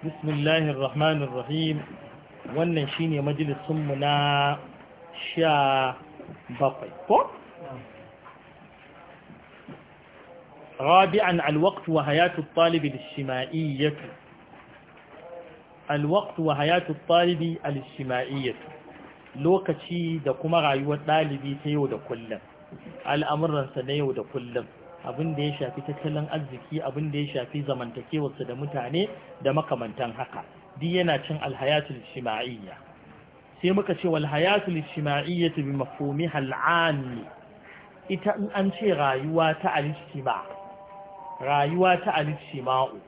بسم الله الرحمن الرحيم wannan shine majalisun mu na 17 ko rabi'an al-waqt wa hayatu at-talib lokaci da kuma rayuwar dalibi ta yau da kullum al na yau da kullum abin da ya shafi tattalin arziki abin da ya shafi zamantakewarsa da mutane da makamantan haka duk yana cin alhayatul shima'iyya sai muka ce walhayatul shima'iyya shima'iyya bi mafomi hal'ani ita in an ce rayuwa ta alishima rayuwa ta alishima'u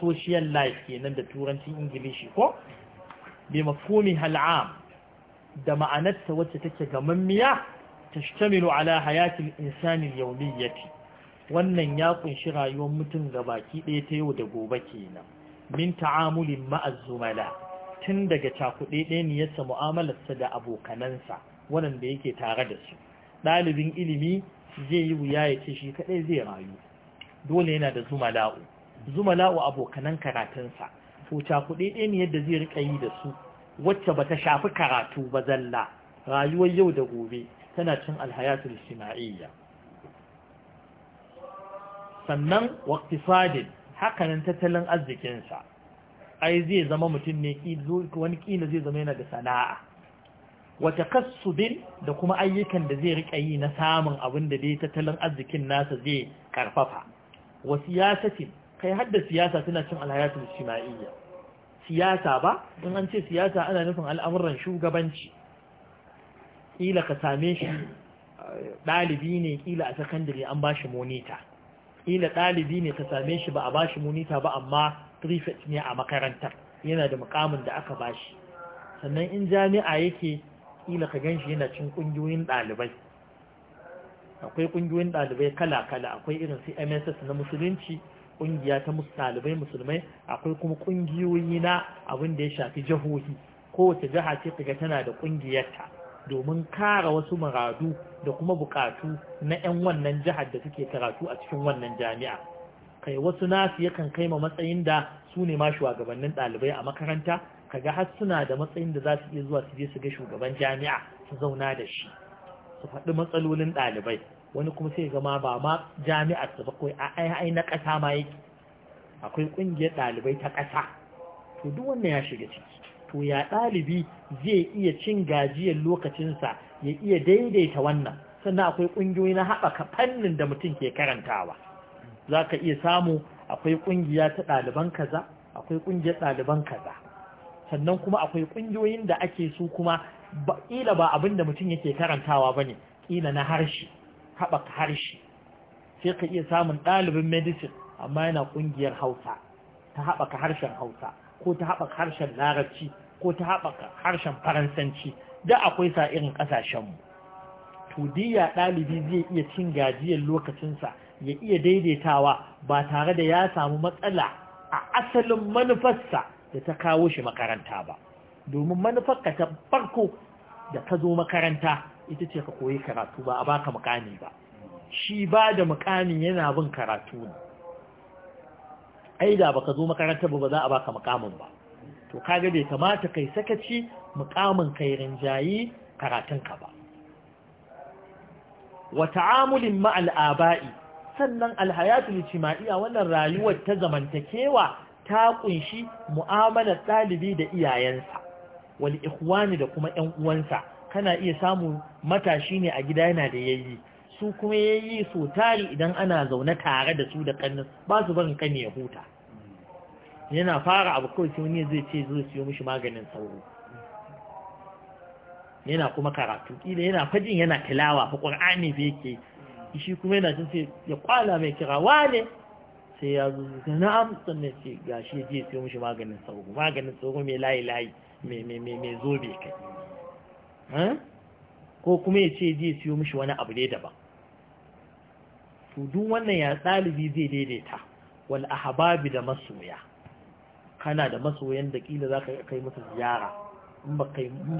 social life kenan da turancin ingilishi ko bi mafomi hal'am da ma'anarta wacce take gamammiya tashtamilu ala hayatul insanin yawmiyyati wannan ya kunshi rayuwar mutum ga baki ɗaya ta yau da gobe kenan min ta'amulin ma'azzumala tun daga cakuɗe ɗaya ne yasa mu'amalarsa da abokanansa waɗanda yake tare da su ɗalibin ilimi zai yi wuya ya ce shi kaɗai zai rayu dole yana da zumala'u zumala'u abokanan karatunsa to cakuɗe ɗaya ne yadda zai riƙa yi da su wacce ba ta shafi karatu ba zalla rayuwar yau da gobe tana cin alhayatul sima'iyya sannan waqtisadin hakanan tattalin arzikinsa ai zai zama mutum ne wani kila zai zama yana da sana'a wata kasubin da kuma ayyukan da zai riƙa yi na samun abin da dai tattalin arzikin nasa zai karfafa wa siyasatin kai hadda siyasa suna cin alhayatul shima'iyya siyasa ba in an ce siyasa ana nufin al'amuran shugabanci kila ka same shi ɗalibi ne kila a sakandare an ba shi monita ila ɗalibi ne ta same shi ba a ba shi monita ba amma prefect ne a makarantar yana da mukamin da aka ba shi sannan in jami'a yake ila ka gan shi yana cin ƙungiyoyin ɗalibai akwai ƙungiyoyin ɗalibai kala-kala akwai irin su mss na musulunci ƙungiya ta ɗalibai musulmai akwai kuma ƙungiyoyi na abin da ya shafi jihohi kowace jiha ce kaga tana da ƙungiyarta domin kara wasu muradu da kuma bukatu na 'yan wannan jihar da suke karatu a cikin wannan jami'a kai wasu nasu yakan kai ma matsayin da su ne ma shugabannin ɗalibai a makaranta kaga har suna da matsayin da za su iya zuwa su je su ga shugaban jami'a su zauna da shi su faɗi matsalolin ɗalibai wani kuma sai gama ba ma jami'ar su ba A ai na ƙasa ma yake akwai ƙungiyar ɗalibai ta ƙasa to duk wannan ya shiga ciki to ya ɗalibi zai iya cin gajiyar lokacinsa ya iya daidaita wannan sannan akwai ƙungiyoyi na haɓaka fannin da mutum ke karantawa za ka iya samu akwai ƙungiya ta ɗaliban kaza akwai ƙungiyar ɗaliban kaza sannan kuma akwai ƙungiyoyin da ake su kuma ƙila ba abin da mutum yake karantawa ba ne ƙila na harshe haɓaka harshe sai ka iya samun ɗalibin medicine amma yana ƙungiyar hausa ta haɓaka harshen hausa ko ta haɓaka harshen larabci ko ta haɓaka harshen faransanci da akwai sa irin ƙasashenmu to diya ɗalibi zai iya cin gajiyar lokacinsa ya iya daidaitawa ba tare da ya samu matsala a asalin manufarsa da ta kawo shi makaranta ba domin manufarka ta farko da ka zo makaranta ita ce ka koyi karatu ba a baka mukami ba shi ba da mukami yana bin karatu ne ai da baka zo makaranta ba ba za a baka mukamin ba to kaga bai kamata kai sakaci mukamin kai rinjayi karatunka ba wa ta'amulin ma'al aba'i sannan alhayatul ijtima'iyya wannan rayuwar ta zamantakewa ta kunshi mu'amalar dalibi da iyayensa wal ikhwani da kuma ƴan uwansa kana iya samu matashi ne a gida yana da yayi su kuma yayi so tari idan ana zaune tare da su da kannin ba su barin kan ya huta yana fara abu kawai sai wani zai ce zo siyo mishi maganin sauro yana kuma karatu kila yana fajin yana tilawa fa qur'ani da yake shi kuma yana cin sai ya kwala mai kira wane sai ya zo na'am sannan ce shi ya siyo mishi maganin sauro maganin sauro mai layi layi mai mai mai mai kai ko kuma ya ce zai siyo mishi wani abu dai daban to duk wannan ya ɗalibi zai daidaita wal ahbabi da masoya kana da masoyan da kila za ka kai masa ziyara in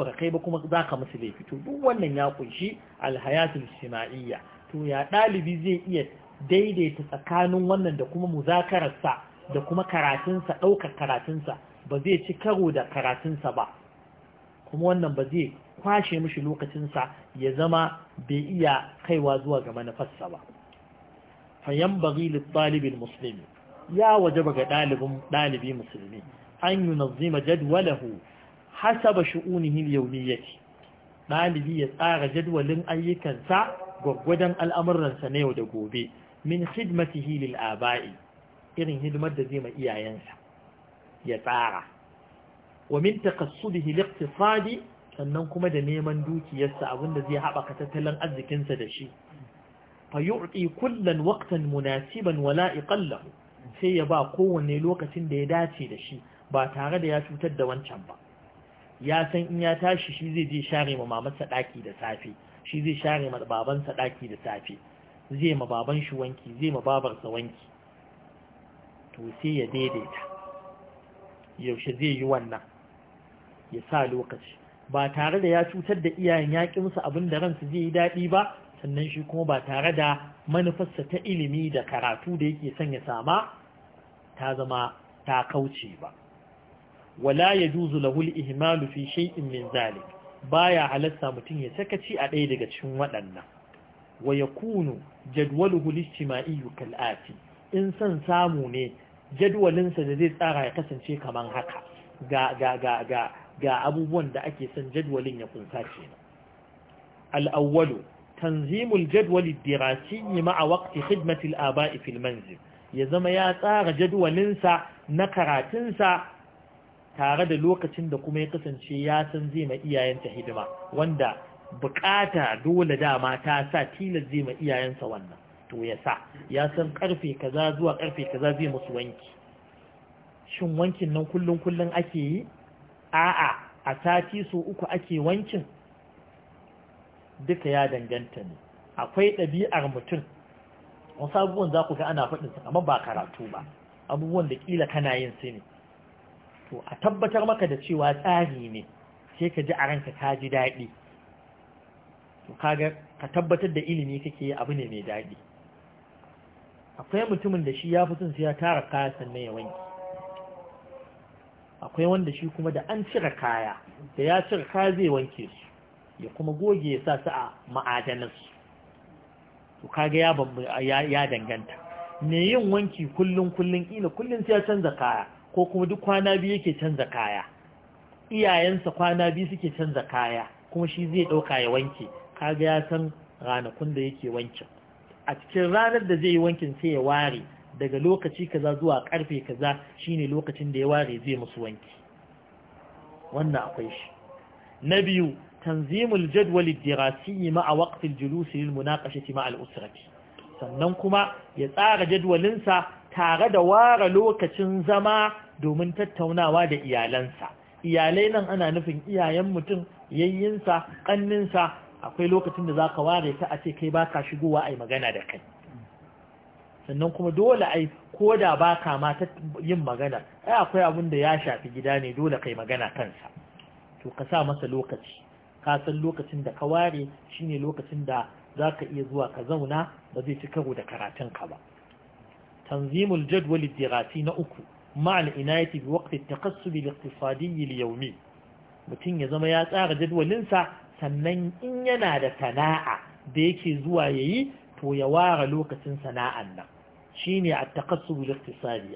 ba kai ba kuma za ka musu laifi to duk wannan ya kunshi alhayatul sima'iyya to ya ɗalibi zai iya daidaita tsakanin wannan da kuma muzakararsa da kuma karatunsa ɗaukar karatunsa ba zai ci karo da karatunsa ba kuma wannan ba zai kwashe mishi lokacinsa ya zama bai iya kaiwa zuwa ga manufarsa ba fayan bari littalibin muslimi ya wajaba ga ɗalibin ɗalibi musulmi an yunazzima jadwalahu hasaba shu'unihi al-yawmiyyati ɗalibi ya tsara jadwalin ayyukansa gwaggwadon al'amuransa na yau da gobe min khidmatihi lil aba'i irin hidimar da zai ma iyayensa ya tsara wa min taqassudihi liqtisadi sannan kuma da neman dukiyarsa abinda zai haɓaka tattalin arzikinsa da shi fa yu'ti kullan waqtan munasiban wala iqallahu sai ya ba kowanne lokacin da ya dace da shi ba tare da ya cutar da wancan ba ya san in ya tashi shi zai je share ma mamansa daki da safe shi zai share ma babansa daki da safe zai ma baban shi wanki zai ma babarsa wanki to sai ya daidaita yaushe zai yi wannan ya sa lokaci ba tare da ya cutar da iyayen yakinsa abin da ransu zai yi daɗi ba sannan shi kuma ba tare da manufarsa ta ilimi da karatu da yake son ya sama ta zama ta kauce ba wala ya lahu lahul ihmal fi shay'in min zalik baya halatta mutum ya sakaci a ɗaya daga cikin waɗannan wa yakunu jadwaluhu al-ijtima'i kal'ati in san samu ne jadwalinsa da zai tsara ya kasance kaman haka ga ga ga ga ga abubuwan da ake son jadwalin ya kunsa ce al-awwalu تنظيم الجدول الدراسي مع وقت خدمة الآباء في المنزل يزم يا تار جدول ننسى نكرا تنسى tare da lokacin da kuma ya kasance ya san zai ma iyayenta hidima wanda bukata dole dama ta sa tilas zai ma iyayensa wannan to ya sa ya san karfe kaza zuwa karfe kaza zai musu wanki shin wankin nan kullun kullun ake yi a'a a sati sau uku ake wankin duka ya danganta ne akwai ɗabi'ar mutum wasu abubuwan za ku ga ana faɗin su amma ba karatu ba abubuwan da ƙila kana yin su ne to a tabbatar maka da cewa tsari ne sai ka ji a ranka ka ji daɗi to kaga ka tabbatar da ilimi kake abu ne mai daɗi akwai mutumin da shi ya fi sun ya tara kaya sannan ya wanki akwai wanda shi kuma da an cire kaya da ya cire kaya zai wanke su ya kuma goge ya sa su a ma'adanarsu to kaga ya ya danganta me yin wanki kullun kullun kila kullun sai ya canza kaya ko kuma duk kwana biyu yake canza kaya iyayensa kwana biyu suke canza kaya kuma shi zai dauka ya wanke kaga ya san ranakun da yake wankin a cikin ranar da zai yi wankin sai ya ware daga lokaci kaza zuwa karfe kaza shine lokacin da ya ware zai musu wanki wannan akwai shi na biyu تنظيم الجدول الدراسي مع وقت الجلوس للمناقشة مع الأسرة sannan kuma ya tsara jadwalinsa tare da ware lokacin zama domin tattaunawa da iyalansa iyalai nan ana nufin iyayen mutum yayyinsa ƙanninsa akwai lokacin da za ka ware ta a ce kai ba shigowa a yi magana da kai sannan kuma dole ai ko da ba ka ma yin magana ai akwai abin da ya shafi gida ne dole kai magana kansa to ka sa masa lokaci ka san lokacin da ka ware shine lokacin da za ka iya zuwa ka zauna ba zai ci karo da karatunka ba tanzimul jadwal dirasi na uku ma'al inayati bi waqti at-taqassub al-iqtisadi al-yawmi mutum ya zama ya tsara jadwalinsa sannan in yana da sana'a da yake zuwa yayi to ya ware lokacin sana'an nan shine at-taqassub al-iqtisadi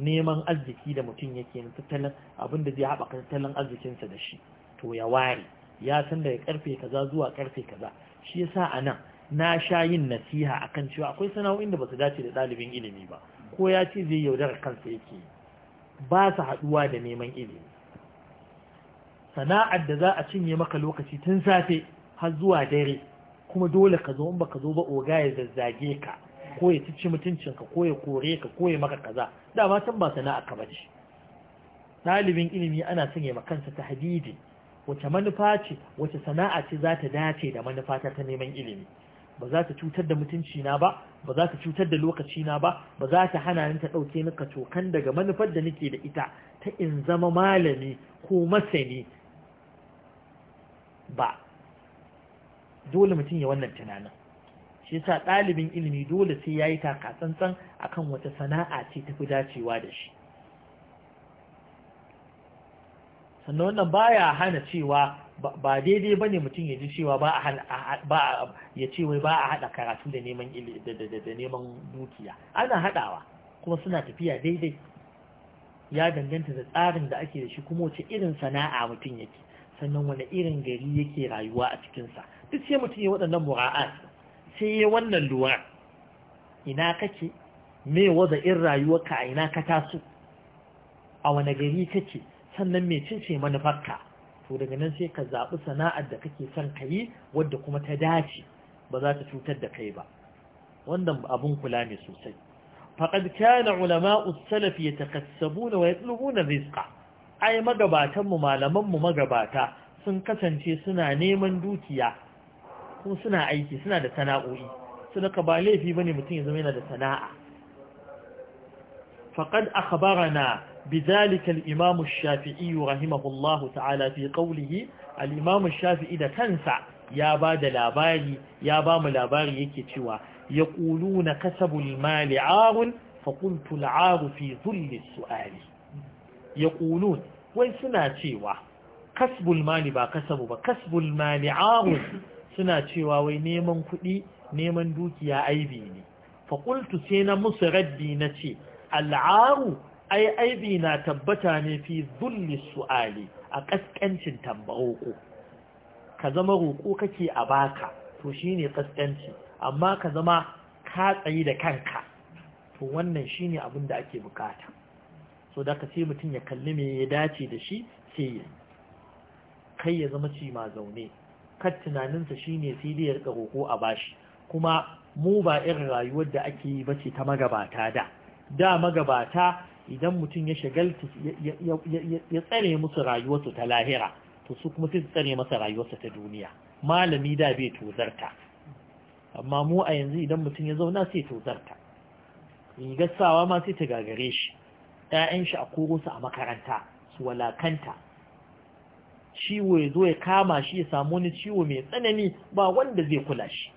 neman arziki da mutum yake tattalin abinda zai haɓaka tattalin arzikinsa da shi to ya ware ya san daga karfe kaza zuwa karfe kaza shi yasa a nan na sha yin nasiha akan cewa akwai sana'o'in da ba su dace da ɗalibin ilimi ba ko ya ce zai yaudara kansa yake ba su haɗuwa da neman ilimi sana'ar da za a cinye maka lokaci tun safe har zuwa dare kuma dole ka zo in ka zo ba oga ya zazzage ka ko ya ci mutuncinka ko ya kore ka ko ya maka kaza dama can ba sana'a ka bace ɗalibin ilimi ana sanya ma kansa hadidi wace manufa ce wace sana'a ce za ta dace da manufata ta neman ilimi ba za ta cutar da mutunci na ba ba za ta cutar da lokaci na ba ba za ta hana ni ta ɗauke ni ka cokan daga manufar da nake da ita ta in zama malami ko masani ba dole mutum ya wannan tunanin shi yasa ɗalibin ilimi dole sai yayi yi taka tsantsan akan wata sana'a ce tafi dacewa da shi sannan wannan ba ya hana cewa ba daidai ba ne mutum ya ji cewa ba a ya ce wa ba a hada karatu da neman dukiya ana haɗawa kuma suna tafiya daidai ya danganta da tsarin da ake da shi kuma wace irin sana'a mutum yake sannan wani irin gari yake rayuwa a cikinsa duk sai mutum ya waɗannan mura'at sai ya wannan luwa ina kake me wada in rayuwarka a ina ka taso a wane gari kake sannan mai ce manufarka to daga nan sai ka zaɓi sana'ar da kake son ka yi wadda kuma ta dace ba za ta cutar da kai ba wannan abun kula ne sosai faƙad kana ulama'u salaf yatakassabuna wa yatlubuna rizqa ai magabatan mu malaman mu magabata sun kasance suna neman dukiya kuma suna aiki suna da sana'o'i suna ka ba laifi bane mutum ya zama yana da sana'a faqad akhbarana بذلك الإمام الشافعي رحمه الله تعالى في قوله الإمام الشافعي إذا كنسع يا باد لاباري يا بام لاباري يكتوى يقولون كسب المال عار فقلت العار في ذل السؤال يقولون ويسنا تيوى كسب المال با كسب با كسب المال عار سنا تيوى وينيمن كدي نيمن دوكي يا أيبيني فقلت سينا مصردي نتي العار ai aibi na tabbata ne fi zulli su'ali a kaskancin tambayoko ka zama roko kake a baka to shine kaskanci amma ka zama ka tsayi da kanka to wannan shine abin da ake bukata so da ka sai mutum ya kalli me ya dace da shi sai ya kai ya zama ci ma zaune kar tunaninsa shine sai dai ya rika roko a bashi kuma mu ba irin rayuwar da ake yi ba ce ta magabata da da magabata idan mutum ya shagalta ya tsare musu rayuwarsu ta lahira to su kuma sai su tsare masa rayuwarsa ta duniya malami da bai tozarta amma mu a yanzu idan mutum ya zauna sai tozarta rigar sawa ma sai ta gagare shi ‘ya'yan shi a koro su a makaranta su walakanta ciwo ya zo ya kama shi ya samu wani ciwo mai tsanani ba wanda zai kula shi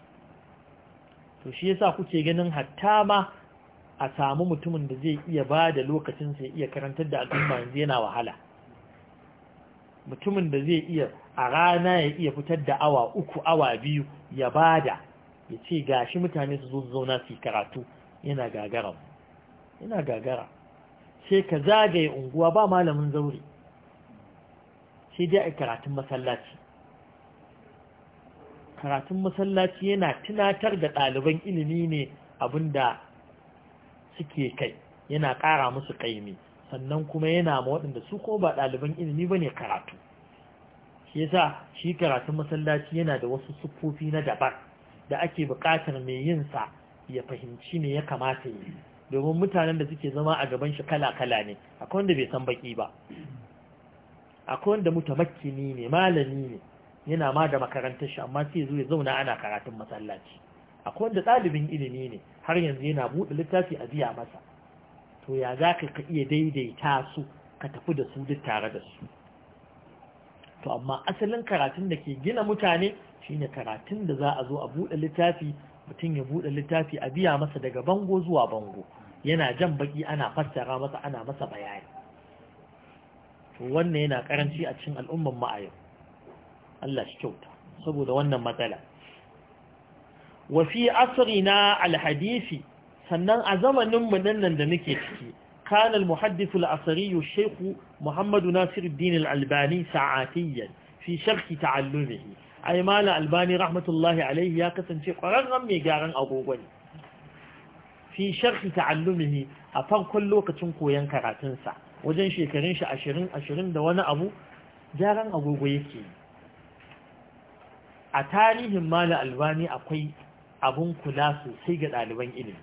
to shi yasa kuke ganin hatta ma a samu mutumin da zai iya ba da lokacinsa ya iya karantar da al'umma yanzu yana wahala mutumin da zai iya a rana ya iya fitar da awa uku awa biyu ya bada ya ce gashi mutane su zo su zauna su yi karatu yana gagara yana gagara sai ka zagaye unguwa ba malamin zaure sai dai a karatun masallaci karatun masallaci yana tunatar da ɗaliban ilimi ne abinda suke kai yana ƙara musu ƙaimi sannan kuma yana ma waɗanda su ko ba ɗaliban ilimi ba ne karatu shi yasa shi karatun masallaci yana da wasu siffofi na daban da ake buƙatar mai yin sa ya fahimci me ya kamata yi domin mutanen da suke zama a gaban shi kala-kala ne akwai wanda bai san baki ba akwai wanda mutamakkini ne malami ne yana ma da makarantar shi amma sai zo ya zauna ana karatun masallaci akwai wanda ɗalibin ilimi ne har yanzu yana buɗe littafi a biya masa to ya za ka iya daidaita su ka tafi da su duk tare da su to amma asalin karatun da ke gina mutane shine karatun da za a zo a buɗe littafi mutum ya buɗe littafi a biya masa daga bango zuwa bango yana jan baki ana fassara masa ana masa bayani to wannan yana karanci a cikin al'umman ma'ayin Allah shi kyauta saboda wannan matsala wafi asiri na alhadisi sannan a zamanin mu nan da muke ciki kana almuhaddith al-asri al-shaykh Muhammad Nasiruddin al-Albani sa'atiyan fi sharh ta'allumihi ai mala albani rahmatullahi alaihi ya kasance kwararren mai gyaran agogo ne fi sharhi ta'allumihi a farkon lokacin koyon karatunsa wajen shekarun shi ashirin ashirin da wani abu gyaran agogo yake a tarihin mala albani akwai abun kula sosai ga ɗaliban ilimi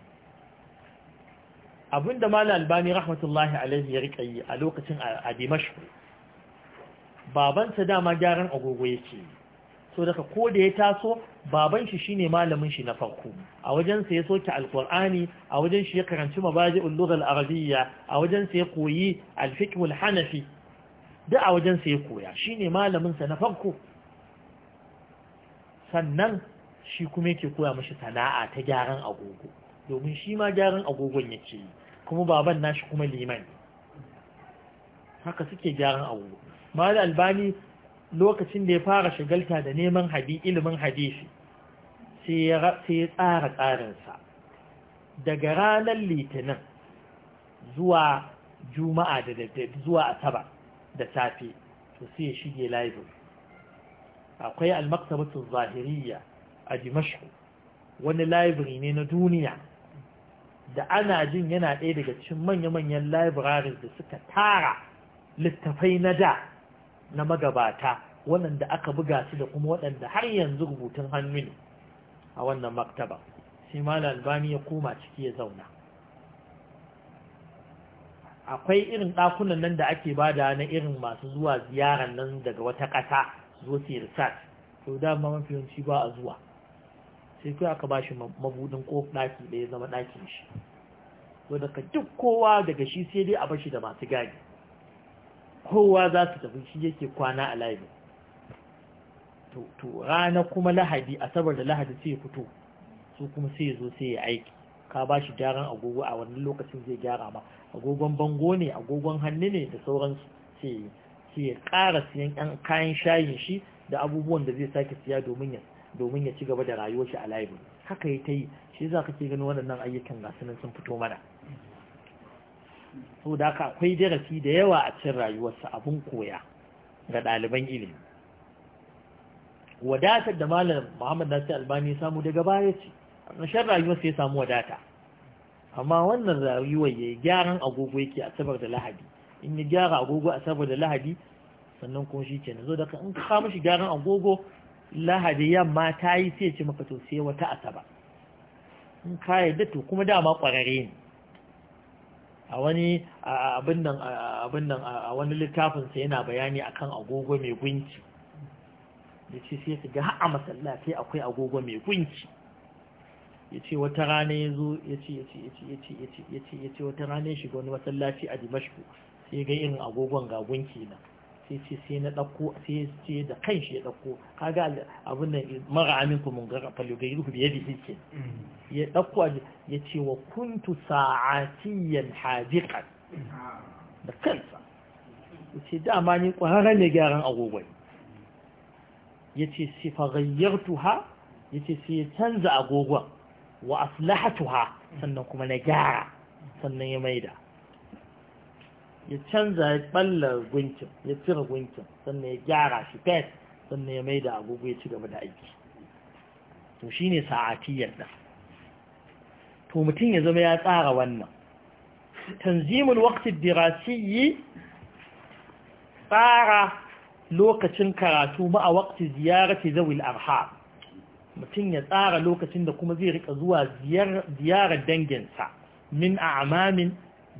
abinda mala albani rahmatullahi alaihi ya rika yi a lokacin a dimashi babansa dama gyaran agogo yake so daga ko da ya taso baban shi shine malamin shi na farko a wajen sa ya soke alkur'ani a wajen shi ya karanci mabaji'ul lugha al-arabiyya a wajen sa ya koyi al-fiqh al-hanafi da a wajen sa ya koya shine malamin sa na farko sannan shi kuma yake koya mashi sana'a ta gyaran agogo domin shi ma gyaran agogon yake yi kuma baban nashi kuma liman haka suke gyaran agogo mal albani lokacin da ya fara shagalta da neman hadi ilimin hadisi sai ya tsara tsarinsa daga ranar litinin zuwa juma'a da daddare zuwa asaba da safe to sai ya shige library akwai almaktabatun zahiriyya a dimashku wani library ne na duniya da ana jin yana ɗaya daga cikin manya-manyan libraries da suka tara littafai na da na magabata waɗanda aka buga su da kuma waɗanda har yanzu rubutun hannu ne a wannan maktaba sai mala albani ya koma ciki ya zauna akwai irin ɗakunan nan da ake ba bada na irin masu zuwa ziyarar nan daga wata ƙasa zuwa su yi to dama mafi yawanci ba a zuwa sai kai aka bashi mabudin ko daki da ya zama dakin shi to daga duk kowa daga shi sai dai a bashi da masu gadi kowa za su tafi shi yake kwana a layi to rana kuma lahadi asabar da lahadi sai fito su kuma sai ya zo sai ya aiki ka ba shi gyaran agogo a wannan lokacin zai gyara ma agogon bango ne agogon hannu ne da sauran sai ya ƙara siyan kayan shayin shi da abubuwan da zai sake siya domin ya domin ya ci gaba da rayuwar shi a laibu haka ya ta yi shi za ka ke gani waɗannan ayyukan gasu nan sun fito mana so da ka akwai darasi da yawa a cikin rayuwarsa abun koya ga ɗaliban ilimi wadatar da malam muhammad nasir albani samu daga baya ce rashin rayuwarsa ya samu wadata amma wannan rayuwar ya gyaran agogo yake asabar da lahadi in ya gyara agogo asabar da lahadi sannan kuma shi ke na zo da in ka kama shi gyaran agogo lahadi yamma ta yi sai ce maka to sai wata asaba in ka yadda to kuma dama ƙwararre ne a wani abin nan a wani littafinsa yana bayani akan agogo mai gunki ya ce sai ka ga ha'a masallaci akwai agogo mai gunki ya ce wata rana ya zo ya ce ya ce ya ce ya ce ya ce wata rana ya shiga wani masallaci a dimashku sai ga irin agogon ga gunki na sai ce sai na ɗauko sai ce da kan shi ya ɗauko kaga abin nan mara aminku mun gara falugayiru biye da yake mm. ya ɗauko ya ce wa kuntu sa'atiyan hadiqan da kansa ya ce dama ni ƙwararren ne gyaran agogon ya ce sai fagayyartu ha ya ce sai ya canza agogon wa aslahatu ha sannan kuma na gyara sannan ya maida ya canza ya balla gunkin ya cire gunkin sannan ya gyara shi fes sannan ya maida agogo ya ci gaba da aiki to shi ne sa'atiyar da to mutum ya zama ya tsara wannan tanzimul dirasi yi tsara lokacin karatu ma a waktin ziyarati zawil arha mutum ya tsara lokacin da kuma zai rika zuwa ziyarar danginsa min a a'mamin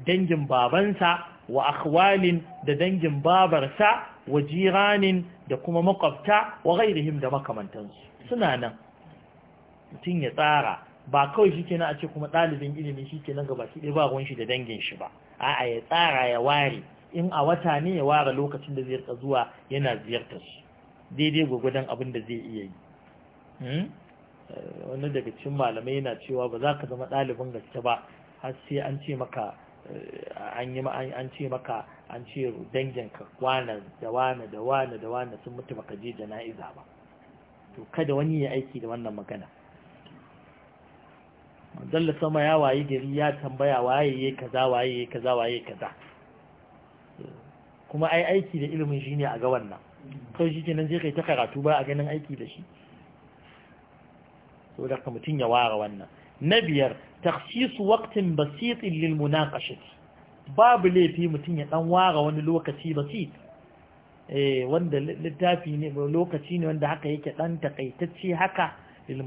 dangin babansa wa akhwalin da dangin babarsa wa jiranin da kuma makwabta wa ghairihim da makamantansu suna nan mutum ya tsara ba kawai shi kenan a ce kuma ɗalibin ilimi shi kenan ga baki ɗaya ba ruwan shi da dangin shi ba a'a ya tsara ya ware in a wata ne ya ware lokacin da zai zuwa yana ziyartar su daidai gwagwadon abin da zai iya yi hmm? eh, wani daga cikin malamai yana cewa ba za ka zama ɗalibin gaske ba har sai an ce maka an yi an ce maka an ce danginka wane da wane da wane da wane sun mutu baka je jana'iza ba to kada wani ya aiki da wannan magana dalla sama ya waye gari ya tambaya waye ya kaza waye ya kaza waye ya kaza kuma ai aiki da ilimin ne a ga wannan kawai shi kenan zai kai ta karatu ba a ganin aiki da shi saboda ka mutum ya ware wannan na biyar taksisu waktin basitin lil babu laifi mutum ya dan ware wani lokaci basit eh, wanda littafi ne lokaci ne wanda haka yake dan takaitacce haka lil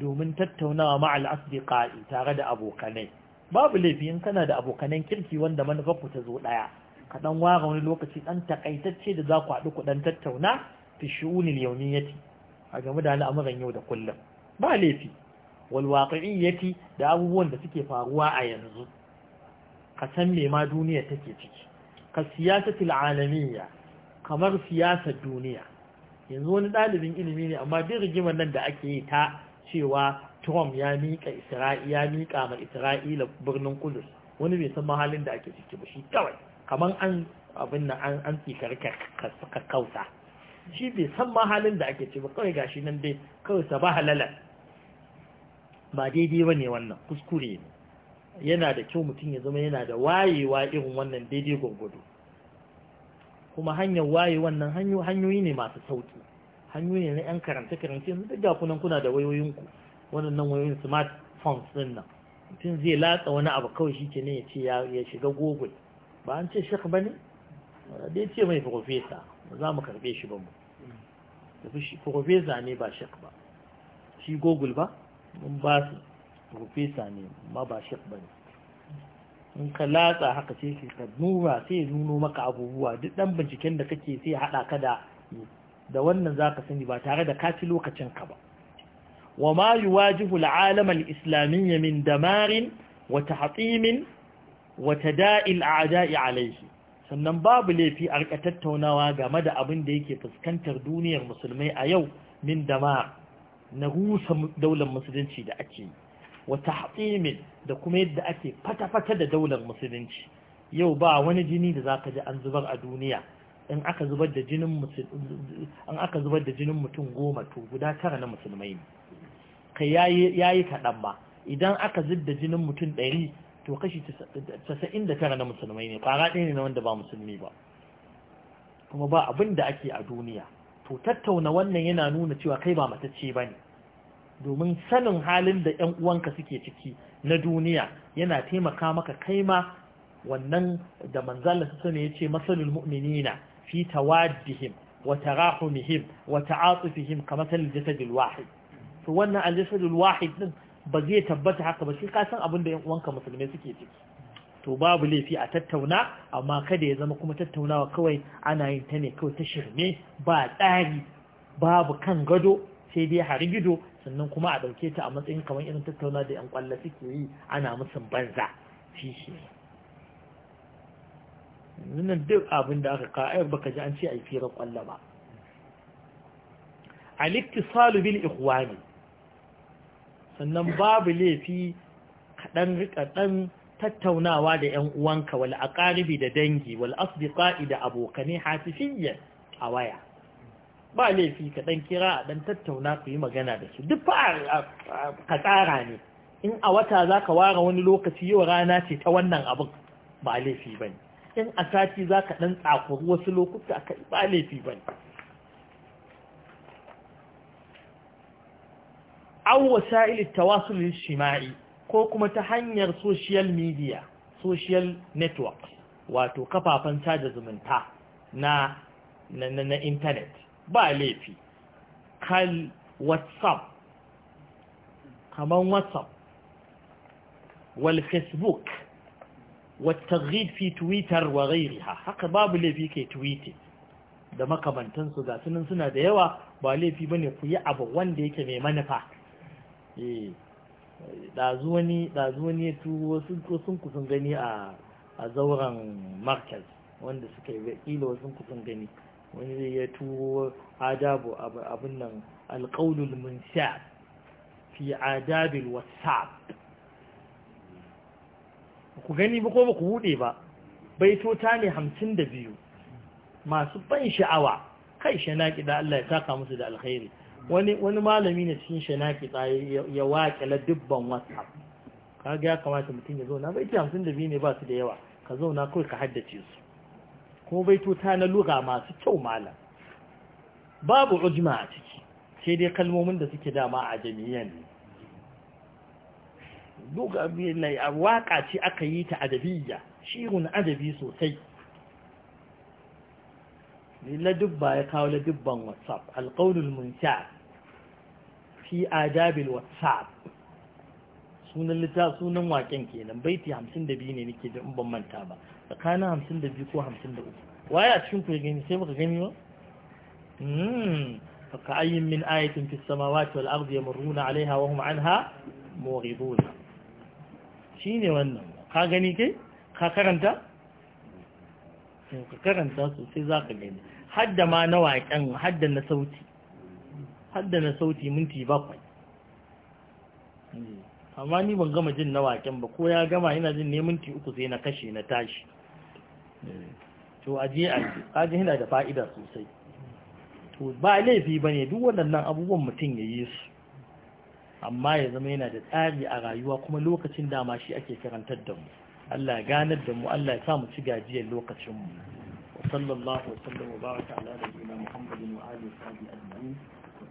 domin tattaunawa ma'al asdiqai tare da abokanai babu laifi in kana da abokanan kirki wanda manufar ku ta zo daya ka dan ware wani lokaci dan takaitacce da za ku haɗu ku dan tattauna fi shu'unil yawmiyati a game da al'amuran yau da kullum ba laifi walwaƙi'iyyati da abubuwan da suke faruwa a yanzu ka san me ma duniya take ciki ka siyasatul alamiyya kamar siyasar duniya yanzu wani ɗalibin ilimi ne amma duk rigimar nan da ake yi ta cewa Trump ya miƙa isra'ila ya miƙa ma Isra'ila birnin Kudus wani bai san mahalin da ake ciki ba shi kawai kamar an abin nan an an tsikar kausa shi bai san mahalin da ake ciki ba kawai gashi nan dai kawai sa ba halalar ba daidai ba ne wannan kuskure ne yana da kyau mutum ya zama yana da wayewa irin wannan daidai gwargwado kuma hanyar waye wannan hanyoyi ne masu sauki hanyoyi ne na 'yan karanta-karanta yanzu duk gafunan kuna da wayoyinku waɗannan wayoyin smartphones din nan mutum zai latsa wani abu kawai shi ke ne ya ce ya shiga google ba an ce shek ba ne da ya ce mai profesa za mu karbe shi ba mu tafi shi profesa ne ba shek ba shi google ba mun ba su profesa ne ma ba shi ba in ka latsa haka sai ka nura sai nuno maka abubuwa duk dan binciken da kake sai ya haɗa ka da da wannan zaka sani ba tare da ka ci lokacin ka ba wa ma yuwajihu al-alam al-islamiyya min damarin wa tahtimin wa tada'i al-a'da'i alayhi sannan babu laifi a tattaunawa game da abin da yake fuskantar duniyar musulmai a yau min damar na rusa daular musulunci da ake yi Wata haɗimin da kuma yadda ake fata-fata da daular musulunci yau ba wani jini da za ka ji an zubar a duniya in aka zubar da jinin mutum goma to guda tara na musulmai ne kai yayi yi kaɗan ba idan aka zub da jinin mutum ɗari, to kashi da tara na musulmai ne Ƙara ɗaya ne na wanda ba musulmi ba kuma ba abin da ake a duniya to tattauna wannan yana nuna cewa kai ba matacce ba ne domin sanin halin da ‘yan uwanka suke ciki na duniya yana taimaka maka kai ma wannan da manzala su sani ya ce masalul mu'minina fi tawaddihim wa tarahumihim wa ta'atufihim kamar sanin jasadul wahid to wannan aljasadul wahid din ba zai tabbata haka ba shi ka san abin da ‘yan uwanka musulmai suke ciki to babu laifi a tattauna amma kada ya zama kuma tattaunawa kawai ana yin ta ne kawai ta shirme ba tsari babu kan gado sai dai harigido sannan kuma a ɗauke ta a matsayin kamar irin tattauna da ‘yan ƙwallo suke yi ana musun banza shi shi nan duk abin da aka ba baka ji an ce a yi firar kwallo ba al Salu bil ikhwani sannan babu laifi kaɗan riƙa tattaunawa da ‘yan uwanka wal aqaribi da dangi wal asdiqa'i da abokane hasifiyya a waya ba laifi ka dan kira a dan tattauna ku yi magana da su duk fa ka tsara ne in a wata zaka ware wani lokaci yau rana ce ta wannan abin ba laifi bane in a sati zaka dan tsakuru, wasu lokuta ka ba laifi bane ne. wasa'il at-tawasul al-ijtima'i ko kuma ta hanyar social media social network wato kafafen caja zumunta na na na internet ba laifi kal whatsapp kaman whatsapp wal facebook wata twitter wa تويتر ha haka babu laifi ke tweeting da makamantansu ga sunan suna da yawa ba laifi bane ku yi abu wanda yake mai manufa eh ɗazu wani ya tuwo sun kusan gani a zauren markaz wanda suka yi kila wasu kusan gani wani zai ya tuwo adabu abin nan alƙaunul munsha fi adabil whatsapp ku gani ba ko ba ku hude ba baitota ne hamsin da biyu masu ban sha'awa kai na da Allah ya saka musu da alkhairi wani malami ne cikin shanaki tsaye ya la dubban whatsapp kaga ya kamata mutum ya zauna baiti hamsin da biyu ne ba su da yawa ka zauna kawai ka haddace su kuma tuta na lura masu kyau malam babu ujma a ciki sai dai kalmomin da suke dama a jami'an ne waka ce aka yi ta adabiyya shirun adabi sosai ladubba ya kawo ladubban whatsapp alƙaunin munshar fi adabil whatsapp sunan littafin sunan waken kenan baiti 52 ne nake da in ban manta ba tsakanin 52 ko 53 waye a cikin ku ya gani sai muka gani ba hmm. ka ayyin min ayatin fi samawati wal ardi yamruna alaiha wa hum anha muridun shine wannan ka gani kai ka karanta ka karanta sosai zaka gani hadda ma na waken hadda na sauti hadda na sauti minti bakwai hmm. amma ni ban gama jin na waken ba ko ya gama yana jin ne minti uku sai na kashe na tashi hmm. to aje aje yana da fa'ida sosai to ba laifi ba ne duk waɗannan abubuwan mutum ya yi su amma ya zama yana da tsari a rayuwa kuma lokacin dama shi ake karantar da mu Allah ganar da mu Allah ya sa mu ci gajiyar lokacin mu sallallahu alaihi wa sallam wa baraka ala nabiyyina muhammadin wa alihi wa sahbihi ajma'in